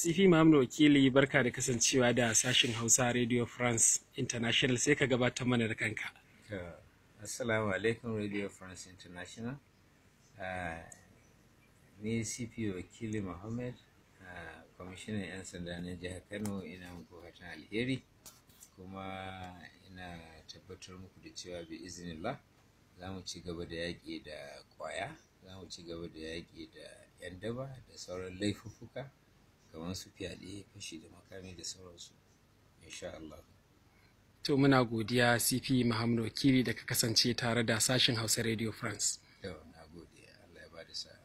Sifi Muhammadu Wakili barka da kasancewa da sashin Hausa Radio France International sai ka gabatar mana da kanka. Assalamu alaikum Radio France International. Ni sifi Wakili Mohammed, kwamishinan 'yan sanda na jihar Kano ina muku fatan alheri kuma ina tabbatar muku da cewa bi izinillah za mu ci gaba da yaƙi da ƙwaya, za mu ci gaba da yaƙi da 'yan daba da sauran laifuffuka. kamar su fyaɗe fashi da makami da sauransu insha Allah. To muna godiya CP Muhammadu Kiri da ka kasance tare da sashen Hausa Radio France. Yau Allah ya ba da sa'a.